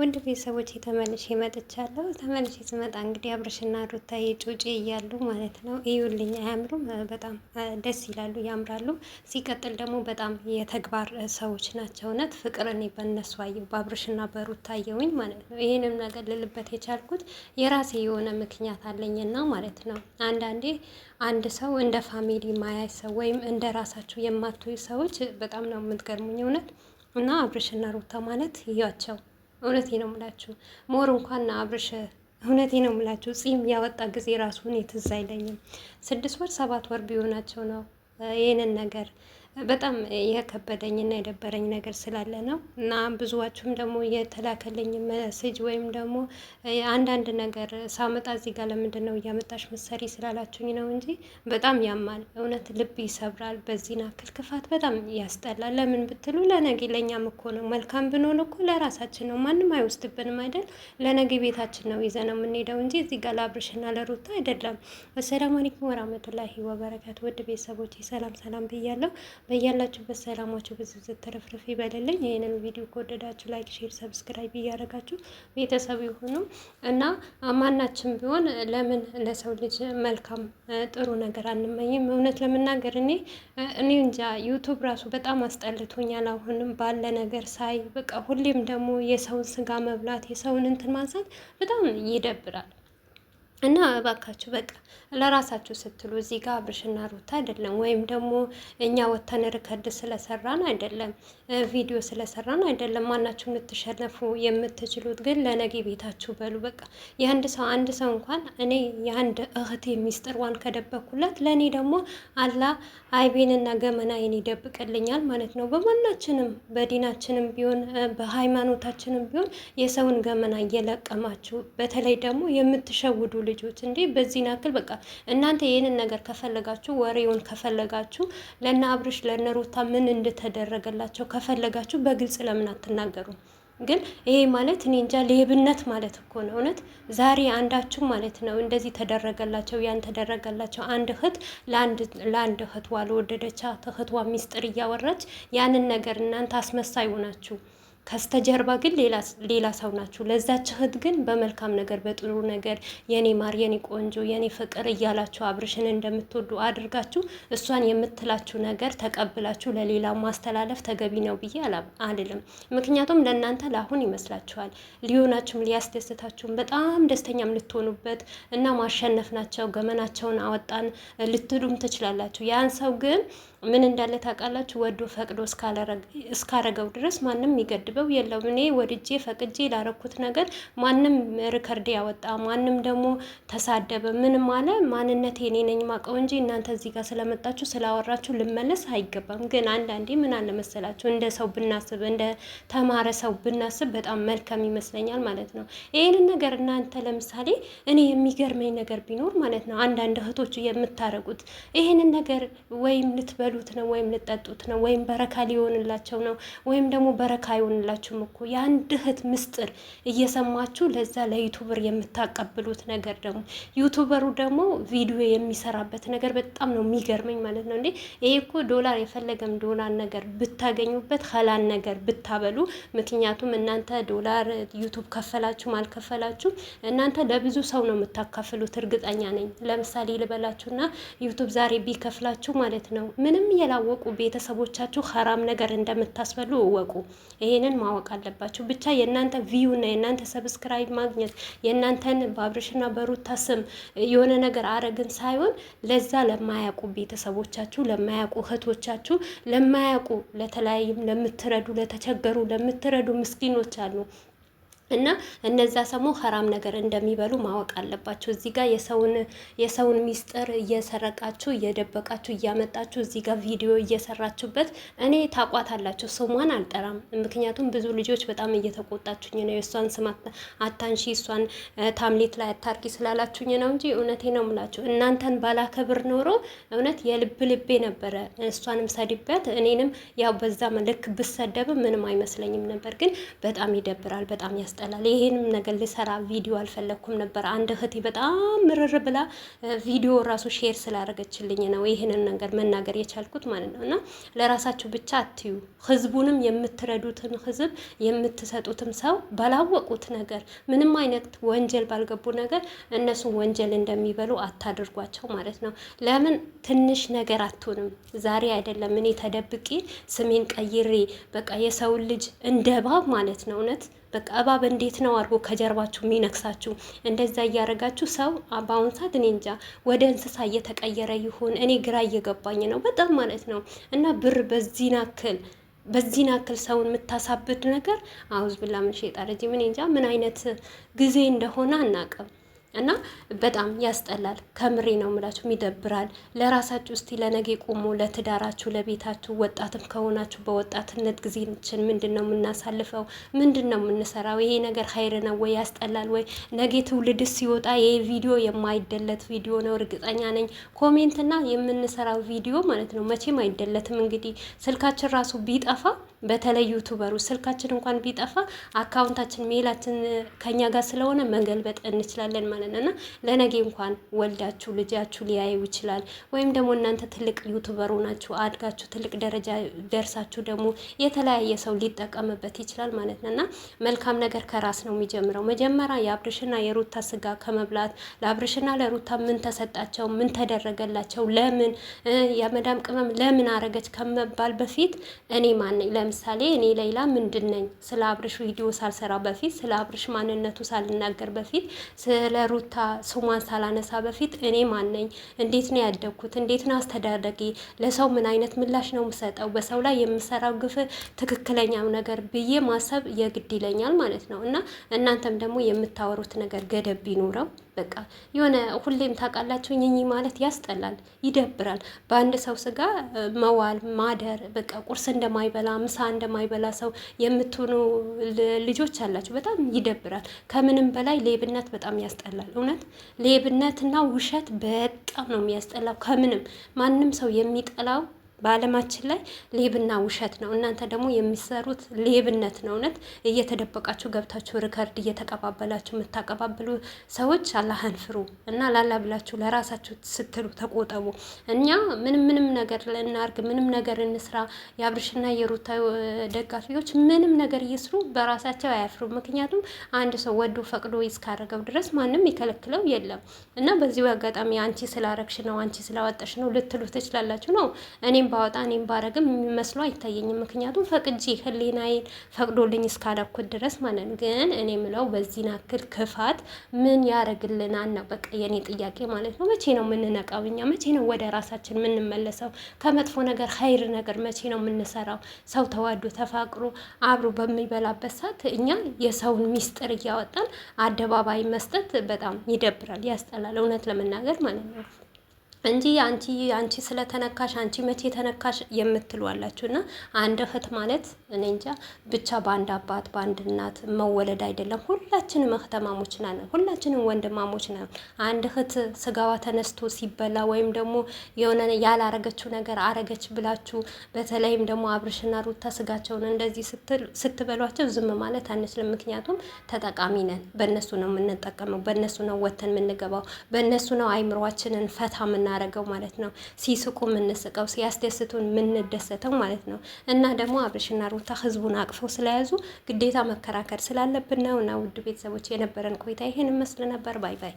ውድ ቤተሰቦች ተመልሼ መጥቻለሁ። ተመልሼ ስመጣ እንግዲህ አብርሽና ሩታ የጮጬ እያሉ ማለት ነው። እዩልኝ፣ አያምሩም? በጣም ደስ ይላሉ፣ ያምራሉ። ሲቀጥል ደግሞ በጣም የተግባር ሰዎች ናቸው። እውነት ፍቅር እኔ በእነሱ አየሁ፣ በአብርሽና በሩታ አየሁኝ ማለት ነው። ይህንም ነገር ልልበት የቻልኩት የራሴ የሆነ ምክንያት አለኝና ማለት ነው። አንዳንዴ አንድ ሰው እንደ ፋሚሊ ማያይ ሰው ወይም እንደ ራሳቸው የማትዩ ሰዎች በጣም ነው የምትገርሙኝ እውነት እና አብርሽና ሩታ ማለት እያቸው እውነቴ ነው የምላችሁ ሞር እንኳን አብርሽ እውነቴ ነው ምላችሁ ጺም ያወጣ ጊዜ ራሱን የትዝ አይለኝም። ስድስት ወር ሰባት ወር ቢሆናቸው ነው ይህንን ነገር በጣም የከበደኝና የደበረኝ ነገር ስላለ ነው እና ብዙዎቹም ደግሞ የተላከልኝ መሴጅ ወይም ደግሞ አንዳንድ ነገር ሳመጣ እዚህ ጋር ለምንድን ነው እያመጣሽ ምሰሪ ስላላችሁኝ ነው እንጂ በጣም ያማል። እውነት ልብ ይሰብራል። በዚህን አክል ክፋት በጣም ያስጠላል። ለምን ብትሉ ለነገ ለእኛም እኮ ነው። መልካም ብንሆን እኮ ለራሳችን ነው፣ ማንም አይወስድብንም አይደል? ለነገ ቤታችን ነው ይዘ ነው የምንሄደው እንጂ እዚህ ጋር ለአብርሽና ለሩታ አይደለም። አሰላሙ አለይኩም ወራህመቱላሂ ወበረካቱ። ውድ ቤተሰቦች ሰላም ሰላም ብያለሁ። በያላችሁበት ሰላማችሁ በዝብዘት ተረፍረፍ ይበልልኝ። ይህንን ቪዲዮ ከወደዳችሁ ላይክ፣ ሼር፣ ሰብስክራይብ እያደረጋችሁ ቤተሰብ ይሁኑ እና ማናችን ቢሆን ለምን ለሰው ልጅ መልካም ጥሩ ነገር አንመኝም? እውነት ለመናገር እኔ እኔ እንጃ ዩቱብ ራሱ በጣም አስጠልቶኛል። አሁንም ባለ ነገር ሳይ በቃ ሁሌም ደግሞ የሰውን ስጋ መብላት የሰውን እንትን ማንሳት በጣም ይደብራል። እና እባካችሁ በቃ ለራሳችሁ ስትሉ እዚህ ጋር አብርሽና ሩታ አይደለም፣ ወይም ደግሞ እኛ ወተን ርከርድ ስለሰራን አይደለም፣ ቪዲዮ ስለሰራን አይደለም። ማናችሁ የምትሸነፉ የምትችሉት ግን ለነገ ቤታችሁ በሉ። በቃ የአንድ ሰው አንድ ሰው እንኳን እኔ የአንድ እህቴ ሚስጥሯን ከደበኩላት ለእኔ ደግሞ አላህ አይቤንና ገመናዬን ይደብቅልኛል ማለት ነው። በማናችንም በዲናችንም ቢሆን በሃይማኖታችንም ቢሆን የሰውን ገመና እየለቀማችሁ በተለይ ደግሞ የምትሸውዱ ልጆች እንዴ በዚህ ናክል በቃ እናንተ ይህንን ነገር ከፈለጋችሁ ወሬውን ከፈለጋችሁ ለነ አብርሽ ለነ ሩታ ምን እንደተደረገላቸው ከፈለጋችሁ በግልጽ ለምን አትናገሩ? ግን ይሄ ማለት እኔ እንጃ ሌብነት ማለት እኮ ነው። እውነት ዛሬ አንዳችሁ ማለት ነው እንደዚህ ተደረገላቸው ያን ተደረገላቸው። አንድ እህት ለአንድ እህቷ ለወደደቻት እህቷ ሚስጥር እያወራች ያንን ነገር እናንተ አስመሳይ ሆናችሁ ከስተጀርባ ግን ሌላ ሰው ናችሁ። ለዛች እህት ግን በመልካም ነገር በጥሩ ነገር የኔ ማር፣ የኔ ቆንጆ፣ የኔ ፍቅር እያላችሁ አብርሽን እንደምትወዱ አድርጋችሁ እሷን የምትላችሁ ነገር ተቀብላችሁ ለሌላ ማስተላለፍ ተገቢ ነው ብዬ አልልም። ምክንያቱም ለእናንተ ለአሁን ይመስላችኋል ሊሆናችሁም ሊያስደስታችሁም በጣም ደስተኛም ልትሆኑበት እና ማሸነፍ ናቸው ገመናቸውን አወጣን ልትሉም ትችላላችሁ። ያን ሰው ግን ምን እንዳለ ታውቃላችሁ? ወዶ ፈቅዶ እስካረገው ድረስ ማንም የሚገድበው የለም። እኔ ወድጄ ፈቅጄ ላረኩት ነገር ማንም ሪከርድ ያወጣ ማንም ደግሞ ተሳደበ ምንም አለ ማንነቴ እኔ ነኝ ማቀው እንጂ እናንተ እዚህ ጋር ስለመጣችሁ ስላወራችሁ ልመለስ አይገባም። ግን አንዳንዴ ምን አለ መሰላችሁ እንደ ሰው ብናስብ፣ እንደ ተማረ ሰው ብናስብ በጣም መልካም ይመስለኛል ማለት ነው። ይህንን ነገር እናንተ ለምሳሌ እኔ የሚገርመኝ ነገር ቢኖር ማለት ነው አንዳንድ እህቶቹ የምታረጉት ይህንን ነገር ወይም ልትበ ልትበሉት ነው ወይም ልጠጡት ነው ወይም በረካ ሊሆንላቸው ነው ወይም ደግሞ በረካ አይሆንላችሁም እኮ የአንድ እህት ምስጥር እየሰማችሁ ለዛ ለዩቱበር የምታቀብሉት ነገር ደግሞ ዩቱበሩ ደግሞ ቪዲዮ የሚሰራበት ነገር በጣም ነው የሚገርመኝ ማለት ነው። እንዴ ይሄ እኮ ዶላር የፈለገም ዶላር ነገር ብታገኙበት ሀላል ነገር ብታበሉ፣ ምክንያቱም እናንተ ዶላር ዩቱብ ከፈላችሁም አልከፈላችሁም እናንተ ለብዙ ሰው ነው የምታካፍሉት እርግጠኛ ነኝ። ለምሳሌ ልበላችሁና ዩቱብ ዛሬ ቢከፍላችሁ ማለት ነው ምንም ምንም ያላወቁ ቤተሰቦቻችሁ ሀራም ነገር እንደምታስበሉ እወቁ። ይሄንን ማወቅ አለባችሁ። ብቻ የእናንተ ቪዩ እና የእናንተ ሰብስክራይብ ማግኘት የእናንተን በአብርሽና በሩታ ስም የሆነ ነገር አረግን ሳይሆን ለዛ ለማያውቁ ቤተሰቦቻችሁ፣ ለማያውቁ እህቶቻችሁ፣ ለማያውቁ ለተለያዩም ለምትረዱ ለተቸገሩ ለምትረዱ ምስኪኖች አሉ እና እነዛ ሰሞ ሀራም ነገር እንደሚበሉ ማወቅ አለባቸው። እዚህ ጋር የሰውን የሰውን ሚስጥር እየሰረቃችሁ እየደበቃችሁ እያመጣችሁ እዚህ ጋር ቪዲዮ እየሰራችሁበት እኔ ታቋት አላቸው። ስሟን አልጠራም፣ ምክንያቱም ብዙ ልጆች በጣም እየተቆጣችሁኝ ነው። የእሷን ስም አታንሺ፣ እሷን ታምሌት ላይ አታርቂ ስላላችሁኝ ነው እንጂ እውነቴ ነው ምላችሁ። እናንተን ባላከብር ኖሮ እውነት የልብ ልቤ ነበረ እሷንም ሰድበት እኔንም ያው በዛ ልክ ብሰደብ ምንም አይመስለኝም ነበር። ግን በጣም ይደብራል፣ በጣም ያስ ይቀጥላል። ይሄንም ነገር ልሰራ ቪዲዮ አልፈለግኩም ነበር። አንድ እህቴ በጣም ምርር ብላ ቪዲዮ ራሱ ሼር ስላደረገችልኝ ነው ይህንን ነገር መናገር የቻልኩት ማለት ነው። እና ለራሳችሁ ብቻ አትዩ። ህዝቡንም የምትረዱትን ህዝብ የምትሰጡትም ሰው ባላወቁት ነገር ምንም አይነት ወንጀል ባልገቡ ነገር እነሱ ወንጀል እንደሚበሉ አታድርጓቸው ማለት ነው። ለምን ትንሽ ነገር አትሆንም። ዛሬ አይደለም እኔ ተደብቄ ስሜን ቀይሬ በቃ የሰውን ልጅ እንደባብ ማለት ነው እውነት በቃ እባብ እንዴት ነው አድርጎ ከጀርባችሁ የሚነክሳችሁ? እንደዛ እያደረጋችሁ ሰው በአሁን ሰዓት እኔ እንጃ ወደ እንስሳ እየተቀየረ ይሁን እኔ ግራ እየገባኝ ነው በጣም ማለት ነው። እና ብር በዚህ ናክል በዚህ ናክል ሰውን የምታሳብድ ነገር አውዝ ብላ ምን ሸጣ ምን እንጃ ምን አይነት ጊዜ እንደሆነ አናቅም። እና በጣም ያስጠላል። ከምሬ ነው የምላችሁ፣ ይደብራል። ለራሳችሁ እስቲ ለነገ ቁሙ፣ ለትዳራችሁ፣ ለቤታችሁ። ወጣትም ከሆናችሁ በወጣትነት ጊዜችን ምንድን ነው የምናሳልፈው? ምንድን ነው የምንሰራው? ይሄ ነገር ሀይር ነው ወይ? ያስጠላል ወይ? ነገ ትውልድስ ሲወጣ ይሄ ቪዲዮ የማይደለት ቪዲዮ ነው እርግጠኛ ነኝ። ኮሜንትና የምንሰራው ቪዲዮ ማለት ነው መቼም አይደለትም። እንግዲህ ስልካችን ራሱ ቢጠፋ በተለይ ዩቱበሩ ስልካችን እንኳን ቢጠፋ አካውንታችን ሜላችን ከኛ ጋር ስለሆነ መገልበጥ እንችላለን ማለት ነው እና ለነገ እንኳን ወልዳችሁ ልጃችሁ ሊያዩ ይችላል። ወይም ደግሞ እናንተ ትልቅ ዩቱበሩ ናችሁ አድጋችሁ ትልቅ ደረጃ ደርሳችሁ ደግሞ የተለያየ ሰው ሊጠቀምበት ይችላል ማለት ነው እና መልካም ነገር ከራስ ነው የሚጀምረው። መጀመሪያ የአብርሽና የሩታ ስጋ ከመብላት ለአብርሽና ለሩታ ምን ተሰጣቸው? ምን ተደረገላቸው? ለምን የመዳም ቅመም ለምን አረገች ከመባል በፊት እኔ ማነኝ ለምሳሌ እኔ ሌላ ምንድን ነኝ? ስለ አብርሽ ቪዲዮ ሳልሰራ በፊት ስለ አብርሽ ማንነቱ ሳልናገር በፊት ስለ ሩታ ስሟን ሳላነሳ በፊት እኔ ማን ነኝ? እንዴት ነው ያደግኩት? እንዴት ነው አስተዳደጌ? ለሰው ምን አይነት ምላሽ ነው የምሰጠው? በሰው ላይ የምሰራው ግፍ ትክክለኛው ነገር ብዬ ማሰብ የግድ ይለኛል ማለት ነው። እና እናንተም ደግሞ የምታወሩት ነገር ገደብ ቢኖረው በቃ የሆነ ሁሌም ታውቃላችሁ፣ እኚህ ማለት ያስጠላል፣ ይደብራል። በአንድ ሰው ስጋ መዋል ማደር በቃ ቁርስ እንደማይበላ ምሳ እንደማይበላ ሰው የምትሆኑ ልጆች አላችሁ። በጣም ይደብራል። ከምንም በላይ ሌብነት በጣም ያስጠላል። እውነት ሌብነትና ውሸት በጣም ነው የሚያስጠላው። ከምንም ማንም ሰው የሚጠላው በዓለማችን ላይ ሌብና ውሸት ነው። እናንተ ደግሞ የሚሰሩት ሌብነት ነው። እውነት እየተደበቃችሁ ገብታችሁ ሪከርድ እየተቀባበላችሁ የምታቀባብሉ ሰዎች አላህን ፍሩ እና ላላ ብላችሁ ለራሳችሁ ስትሉ ተቆጠቡ። እኛ ምንም ምንም ነገር እናርግ፣ ምንም ነገር እንስራ። የአብርሽና የሩታ ደጋፊዎች ምንም ነገር እየስሩ በራሳቸው አያፍሩ። ምክንያቱም አንድ ሰው ወዶ ፈቅዶ እስካረገው ድረስ ማንም ይከለክለው የለም እና በዚሁ አጋጣሚ አንቺ ስላረግሽ ነው አንቺ ስላወጣሽ ነው ልትሉ ትችላላችሁ ነው እኔም ባወጣ እኔም ባረግም የሚመስለው አይታየኝም። ምክንያቱም ፈቅጄ ህሊናዬን ፈቅዶልኝ እስካለኩት ድረስ ማለት ነው። ግን እኔ ምለው በዚህ ናክል ክፋት ምን ያደረግልናል ነው በቃ የኔ ጥያቄ ማለት ነው። መቼ ነው የምንነቃው? እኛ መቼ ነው ወደ ራሳችን የምንመለሰው? ከመጥፎ ነገር ሀይር ነገር መቼ ነው የምንሰራው? ሰው ተዋዶ ተፋቅሮ አብሮ በሚበላበት ሰዓት እኛ የሰውን ሚስጥር እያወጣን አደባባይ መስጠት በጣም ይደብራል፣ ያስጠላል እውነት ለመናገር ማለት ነው። እንጂ አንቺ አንቺ ስለተነካሽ አንቺ መቼ ተነካሽ የምትሉ አላችሁ። እና አንድ እህት ማለት እኔ እንጃ ብቻ በአንድ አባት በአንድ እናት መወለድ አይደለም። ሁላችንም እህትማሞች ነን፣ ሁላችንም ወንድማሞች ነን። አንድ እህት ስጋዋ ተነስቶ ሲበላ ወይም ደግሞ የሆነ ያላረገችው ነገር አረገች ብላችሁ በተለይም ደግሞ አብርሽና ሩታ ስጋቸውን እንደዚህ ስትበሏቸው ዝም ማለት አንችልም። ምክንያቱም ተጠቃሚ ነን። በእነሱ ነው የምንጠቀመው፣ በእነሱ ነው ወተን የምንገባው፣ በእነሱ ነው አይምሯችንን ፈታ የምናረገው ማለት ነው። ሲስቁ የምንስቀው፣ ሲያስደስቱን የምንደሰተው ማለት ነው። እና ደግሞ አብርሽና ሩታ ህዝቡን አቅፈው ስለያዙ ግዴታ መከራከር ስላለብን ነው። እና ውድ ቤተሰቦች የነበረን ቆይታ ይሄን ይመስል ነበር። ባይ ባይ።